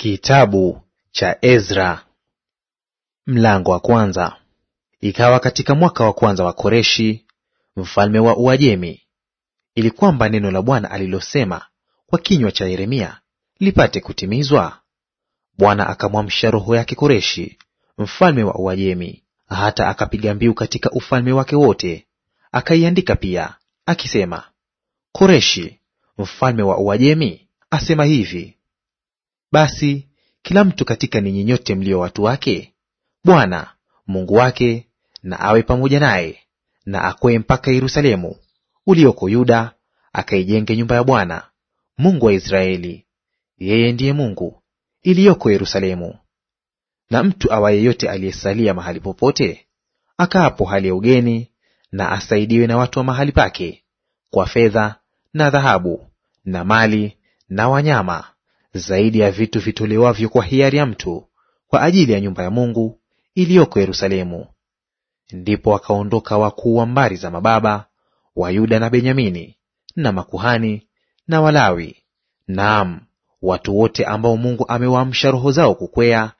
Kitabu cha Ezra mlango wa kwanza. Ikawa katika mwaka wa kwanza wa Koreshi mfalme wa Uajemi, ili kwamba neno la Bwana alilosema kwa kinywa cha Yeremia lipate kutimizwa, Bwana akamwamsha roho yake Koreshi mfalme wa Uajemi, hata akapiga mbiu katika ufalme wake wote, akaiandika pia akisema, Koreshi mfalme wa Uajemi asema hivi basi kila mtu katika ninyi nyote mlio watu wake, Bwana Mungu wake na awe pamoja naye, na akwee mpaka Yerusalemu ulioko Yuda, akaijenge nyumba ya Bwana Mungu wa Israeli; yeye ndiye Mungu iliyoko Yerusalemu. Na mtu awa yeyote aliyesalia mahali popote akaapo hali ya ugeni, na asaidiwe na watu wa mahali pake kwa fedha na dhahabu na mali na wanyama zaidi ya vitu vitolewavyo kwa hiari ya mtu kwa ajili ya nyumba ya Mungu iliyoko Yerusalemu. Ndipo wakaondoka wakuu wa mbari za mababa wa Yuda na Benyamini na makuhani na Walawi, naam, watu wote ambao Mungu amewaamsha roho zao kukwea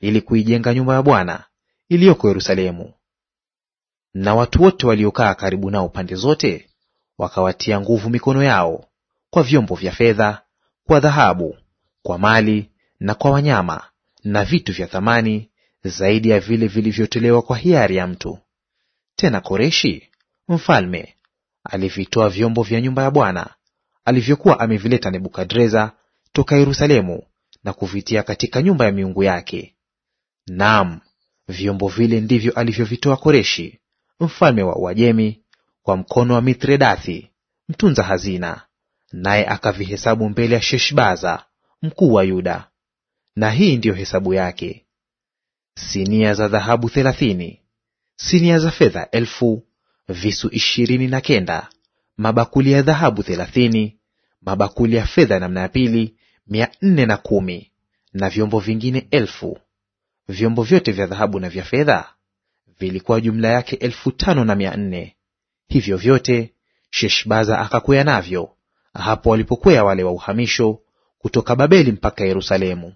ili kuijenga nyumba ya Bwana iliyoko Yerusalemu. Na watu wote waliokaa karibu nao pande zote wakawatia nguvu mikono yao kwa vyombo vya fedha, kwa dhahabu kwa mali na kwa wanyama na vitu vya thamani zaidi ya vile vilivyotolewa kwa hiari ya mtu. Tena Koreshi mfalme alivitoa vyombo vya nyumba ya Bwana alivyokuwa amevileta Nebukadreza toka Yerusalemu na kuvitia katika nyumba ya miungu yake. Naam, vyombo vile ndivyo alivyovitoa Koreshi mfalme wa Uajemi kwa mkono wa Mithredathi mtunza hazina, naye akavihesabu mbele ya Sheshbaza mkuu wa Yuda, na hii ndiyo hesabu yake: sinia za dhahabu thelathini, sinia za fedha elfu, visu ishirini na kenda, mabakuli ya dhahabu thelathini, mabakuli ya fedha namna ya pili mia nne na kumi, na vyombo vingine elfu. Vyombo vyote vya dhahabu na vya fedha vilikuwa jumla yake elfu tano na mia nne. Hivyo vyote Sheshbaza akakwea navyo hapo walipokwea wale wa uhamisho kutoka Babeli mpaka Yerusalemu.